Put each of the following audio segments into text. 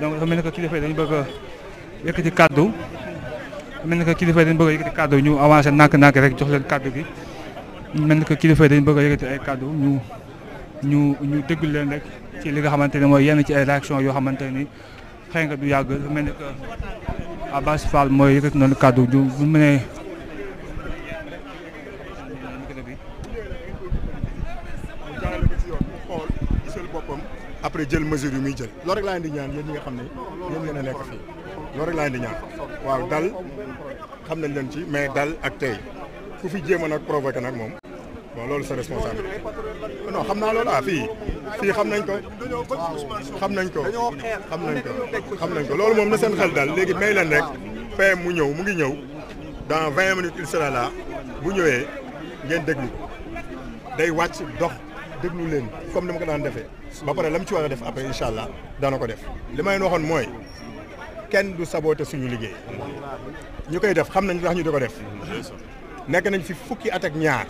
donc dafa mel ni que kilifa dañu bëgg a yëkkati kàddu dafa mel ni que kilifa yi dañu bëgg yëkkati kàddu ñu avancé nànk-nànk rek jox leen kàddu gi mel ni que kilifa yi dañu bëgg yëkkati ay kàddu ñu ñu ñu déglu leen rek ci li nga xamante ne mooy yenn ci ay réaction yoo xamante ni xëy nga du yàgg dafa mel ni que Abass Fall mooy yëkkati noonu kàddu bu mu ne après jël mesure yu muy jël loolu rek laa indi ñaan yéen ñi xam ne yéen ngeen a nekk fii loolu rek laa indi ñaan waaw dal xam nañ leen ci mais dal ak tey ku fi jéem a nag provoqué nag moom bon loolu sa responsabilité non xam naa loolu ah fii xam nañ ko xam nañ ko xam nañ ko xam nañ ko loolu moom na seen xel daal léegi mais leen rek PM mu ñëw mu ngi ñëw dans vingt minutes il sera là bu ñëwee ngeen déglu ko day wàcc dox déglu leen comme ni ma ko daan defee ba pare lam ci war a def après incha allah dana ko def li may waxoon mooy kenn du saboté suñu liggéey ñu koy def xam nañ tax ñu di ko def nekk nañ fi fukki at ak ñaar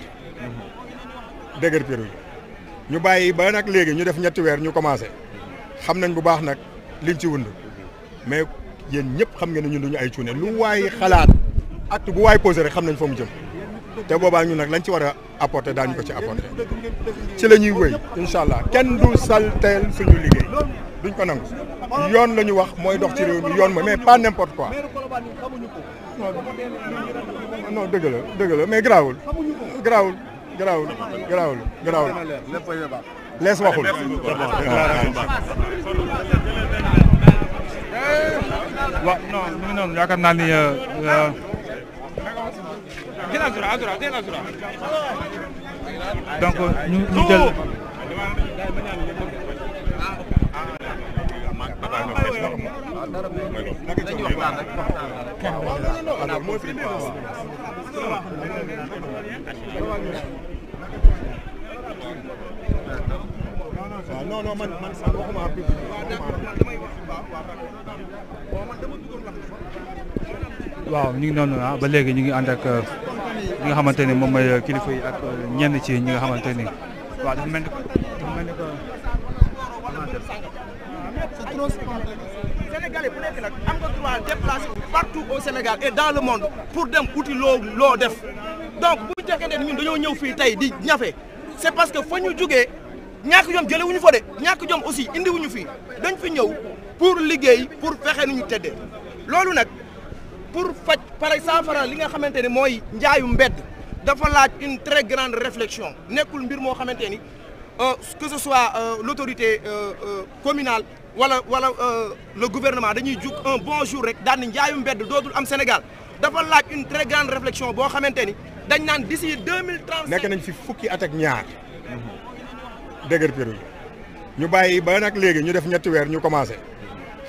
dëgër piru ñu bàyyi ba nag léegi ñu def ñetti weer ñu commencé xam nañ bu baax nag liñ ci wund mais yéen ñëpp xam ngeen ne ñun duñu ay cuune lu waay xalaat acte bu waay posé xam nañ fa mu jëm te boobaa ñu nag lañ ci war a apporter daañu ko ci apporter ci la ñuy wëy incha allah kenn du salteel suñu liggéey duñ ko nangu yoon la wax mooy dox ci réew yoon mooy mais pas n'importe quoi non dëgg la la mais garaawul garaawul garaawul garaawul garaawul lees waxul donc ñu ngi noonu a ah, ba léegi ñu ngi ànd euh, li nga xamante ni moom mooy kilifa yi ak ñenn ci ñi nga xamante ni waaw dafa mel ni dafa mel ni que. c'est trop Sénégalais bu nekk nag am nga droit déplacé partout au Sénégal et dans le monde pour dem uti loo loo def donc bu ñu fekkee ne ñun dañoo ñëw fii tey di ñafe c'est parce que fa ñu jugee ñàkk jom jëlee wu ñu fa de ñàkk jom aussi indi wu ñu fii dañ fi ñëw pour liggéey pour fexe nu ñu tëddee loolu nag. pour faj pare saafara li nga xamante ne mooy njaayu mbedd dafa laaj une très grande réflexion nekkul mbir moo xamante ni euh, que ce soit euh, l'autorité euh, communal wala wala le gouvernement dañuy jug un bon jour rek daan ni njaayu mbedd dootul am Sénégal dafa laaj une très grande réflexion boo xamante ni dañ naan d'ici deux mille trente nekk nañ fi fukki at ak ñaar dëgër ñu bàyyi ba nag léegi ñu def ñetti weer ñu commencé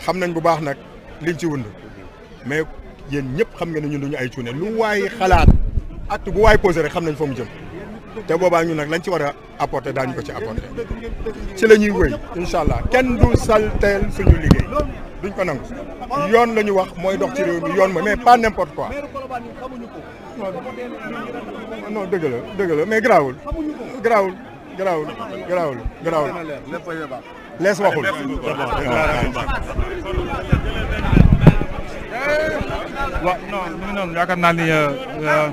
xam nañ bu baax nag liñ ci wund mais yéen ñëpp xam nga ne ñun duñu ay cuune lu waay xalaat acte bu waay posé rek xam nañ fa mu jëm te boobaa ñu nag lañ ci war a apporter daañu ko ci apporter ci la ñuy wëy incha allah kenn du salteel suñu liggéey duñ ko nangu yoon la wax mooy dox ci réew mi yoon mooy mais pas n'importe quoi no dëgg la dëgg la mais garaawul garaawul garaawul garaawul garaawul lees waxul waaw non ñu ngi noonu yaakaar naa ni. Euh, euh,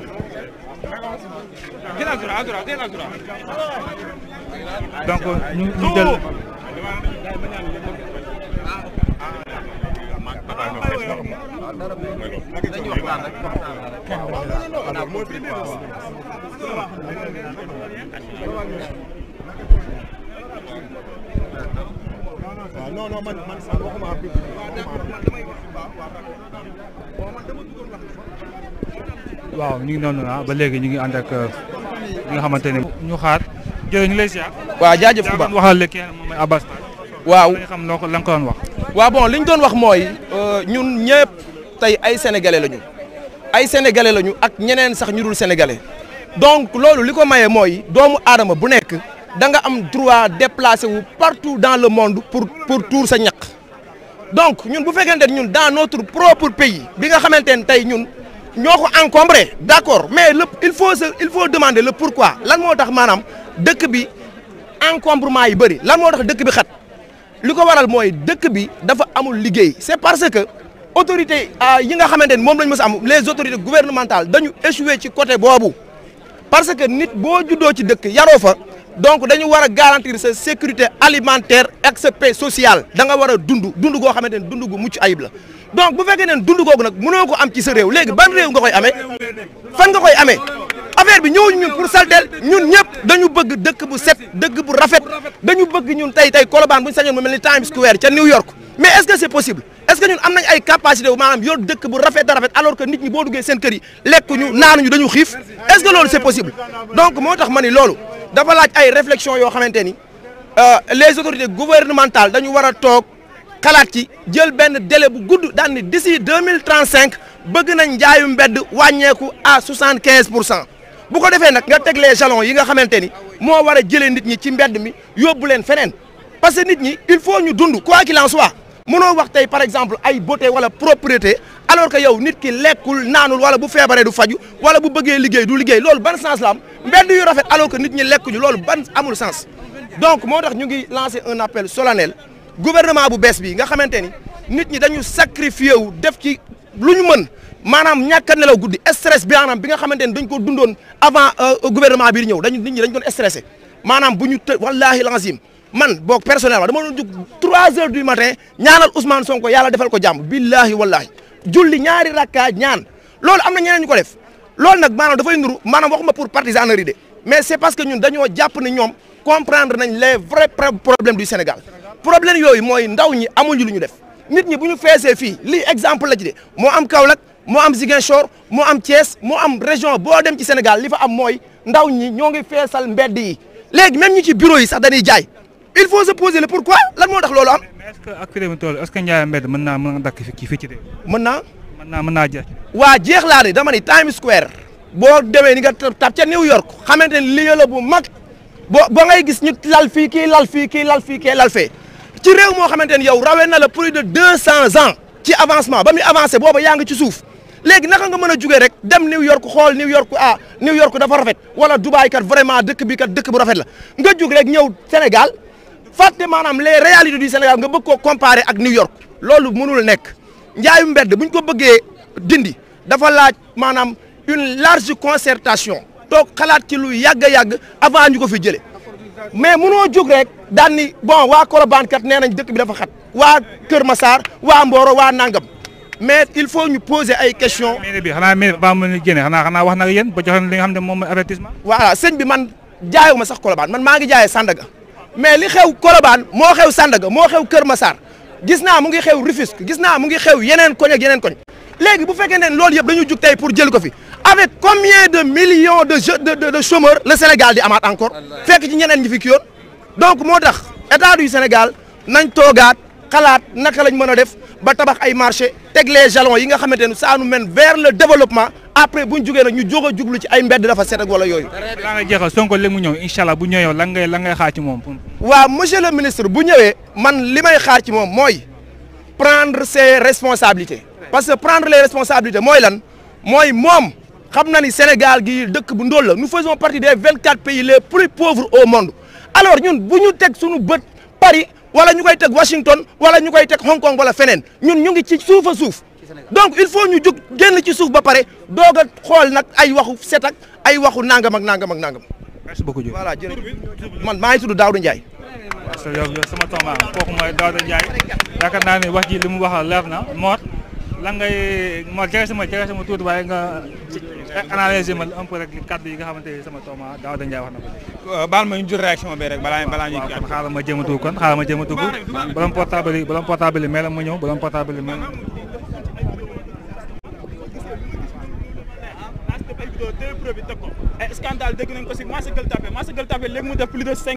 donc euh, ñu ñu jël. waaw non non man ñu ngi noonu ah ba léegi ñu ngi ànd ak euh, ñi nga xamante ne ñu xaar jërëjëf ñu lay ziar. waaw jaajëf Touba jaa waxal leen moom mooy waaw nga xam noo ko la nga doon wax. waaw bon li ñu doon wax mooy euh, ñun ñëpp tey ay sénégalais lañu ay sénégalais lañu ak ñeneen sax ñu dul sénégalais donc loolu li ko maye mooy doomu aadama bu nekk. da nga am droit déplacer wu partout dans le monde pour pour tour sa ñaq donc ñun bu fekkente ñun dans notre propre pays bi nga xamante ne tey ñun ñoo ko encombré d'accord mais le il faut se il faut demander le pourquoi lan moo tax maanam dëkk bi encombrement yi bëri lan moo tax dëkk bi xat li ko waral mooy dëkk bi dafa amul liggéey c'est parce que autorité euh, yi nga xamante ni moom lañu mës a am les autorités gouvernementales dañu échoué ci côté boobu parce que nit boo juddoo ci dëkk yaroo fa donc dañu war a garantir sa sécurité alimentaire ak sa paix sociale da nga war a dund dund goo xamante ne dund gu mucc ayib la donc bu fekkee ne dund googu nag mënoo ko am ci sa réew léegi ban réew nga koy ame fan nga koy amee affaire bi ñëwuñ ñun pour saltel ñun ñëpp dañu bëgg dëkk bu set dëkk bu rafet dañu bëgg ñun tey tey Colobane bu ñu sañoon mu mel ni Times Square ca New York mais est-ce que possible est-ce que ñun am nañ ay capacité bu rafet a ñi boo duggee seen kër yi lekkuñu naanuñu dañu xiif est-ce que moo tax ma ni loolu dafa laaj ay réflexion yoo xamante ni euh, les autorités gouvernementales dañu war a toog xalaat ci jël benn délai bu gudd daan ni d'ici deux mille trente cinq bëgg nañ njaayu mbedd wàññeeku à soixante quinze pour cent bu ko defee nag nga teg les jalons yi nga xamante ni moo war a nit ñi ci mbedd mi yóbbu leen feneen parce que nit ñi il faut ñu dund quoi qu'il en soit mënoo wax tey par exemple ay beauté wala propriété alors que yow nit ki lekkul naanul wala bu feebaree du faju wala bu bëggee liggéey du liggéey loolu ban sens am mbedd yu rafet alors que nit ñi lekkuñu loolu ban amul sens donc moo tax ñu ngi lancer un appel solennel gouvernement bu bees bi nga xamante ni nit ñi dañu sacrifié wu def ci lu ñu mën maanaam ñàkk a nelaw guddi stress bi maanaam bi nga xamante ni dañ ko dundoon avant euh, gouvernement bi di ñëw dañu nit ñi dañ doon stressé maanaam bu ñu të wallaahi lazim man boog personnellement dama doon jug 3 heures du matin ñaanal Ousmane Sonko yàlla defal ko jàmm billaahi wallaahi julli ñaari rakkaa ñaan loolu am na ñeneen ñu ko def loolu nag maanaam dafay nuru maanaam waxuma pour partisanerie de mais c'est parce que ñu dañoo jàpp ne ñoom comprendre nañ les vrais problèmes du Sénégal problème yooyu mooy ndaw ñi amuñu lu ñu def nit ñi bu ñu feesee fii lii exemple la ci de moo am Kaolack moo am Ziguinchor moo am Thiès moo am région boo dem ci Sénégal li fa am mooy ndaw ñi ñoo ngi feesal mbedd yi léegi même ñi ci bureau yi sax dañuy jaay il faut se poser le pourquoi lan moo tax loolu am. mais est mën naa mën a dakk fii ci de. mën naa. mën naa mën naa jeex. waa jeex laa de dama ni Times Square. boo demee ni nga tab ca New York xamante ni lieu la bu mag boo ba ngay gis ñu lal fii kii lal fii kii lal fii ki lal fe ci réew moo xamante ni yow rawee na la plus de deux cents ans ci avancement ba muy avancé booba yaa ngi ci suuf léegi naka nga mën a jugee rek dem New York xool New York ah New York dafa rafet wala Dubaï kat vraiment dëkk bi kat dëkk bu rafet la nga jug rek ñëw Sénégal fàtte maanaam les réalités du Sénégal nga bëgg koo comparer ak New York loolu mënul nekk. njaayu mbedd bu ñu ko bëggee dindi dafa laaj maanaam une large concertation toog xalaat ci lu yàgg a yàgg avant ñu ko fi jëlee mais munoo jóg rek daan ni bon waa Colobane kat nee nañ dëkk bi dafa xat waa Kër Massar waa Mboro waa Nangam mais il faut ñu poser ay questions. mairie bi xanaa mairie ba mu génne xanaa xanaa wax na yéen ba joxe li nga xam ne moom mooy avertissement. voilà sëñ bi man jaayuma sax Colobane man maa ngi jaayee Sandaga mais li xew Colobane moo xew Sandaga moo xew Kër Massar gis naa mu ngi xew Rufisque gis naa mu ngi xew yeneen koñ ak yeneen koñ léegi bu fekkee ne loolu yëpp dañu jug tey pour jël ko fi avec combien de millions de je de le Sénégal di amaat encore fekk ci ñeneen ñi fi ki donc moo tax état du Sénégal nañ toogaat xalaat naka lañ mën a def ba tabax ay marché teg les jalons yi nga xamante ne ça nous mène vers le développement après bu ñu jugee ñu jóg a jublu ci ay mbedd dafa set ak wala yooyu. laa nga jeexal Sonko léegi mu ñëw incha allah bu ñëwee lan ngay lan ngay xaar ci moom. waaw monsieur le ministre bu ñëwee man li may xaar ci moom mooy prendre ses responsabilité parce que prendre les responsabilités mooy lan mooy moom xam na ni Sénégal gi dëkk bu ndóol la nous façon partie des vingt quatre pays le plus pauvres au monde alors ñun bu ñu teg suñu bët Paris wala ñu koy teg Washington wala ñu koy teg Hong wala feneen ñun ñu ngi ci suufa suuf. donc il faut ñu jóg génn ci suuf ba pare doog a xool nag ay waxu set ay waxu nangam ak nangam ak nangam. merci beaucoup Diop voilà jërëjëf man maa ngi tudd Daouda Ndiaye. waaw sa ma sama tonton kooku mooy Daouda Ndiaye yaakaar naa ne wax ji li mu wax leer na Mor lan ngay Mor jege sama jege sama tuuti waaye nga analyser ma un peu rek kàddu yi nga xamante ne sama tonton Daouda Ndiaye wax na ko. Euh, baal ma ñu jur réaction bi rek balaa balaa ñuy. waaw kon ma jéem a dugg ma jéem a dugg. yi borom portable yi mel ma ñëw borom wo Lo téye preuve ko ay scandale dégg nañ ko si marché Gueule Tapée marché Gueule Tapée léegi mu def plus de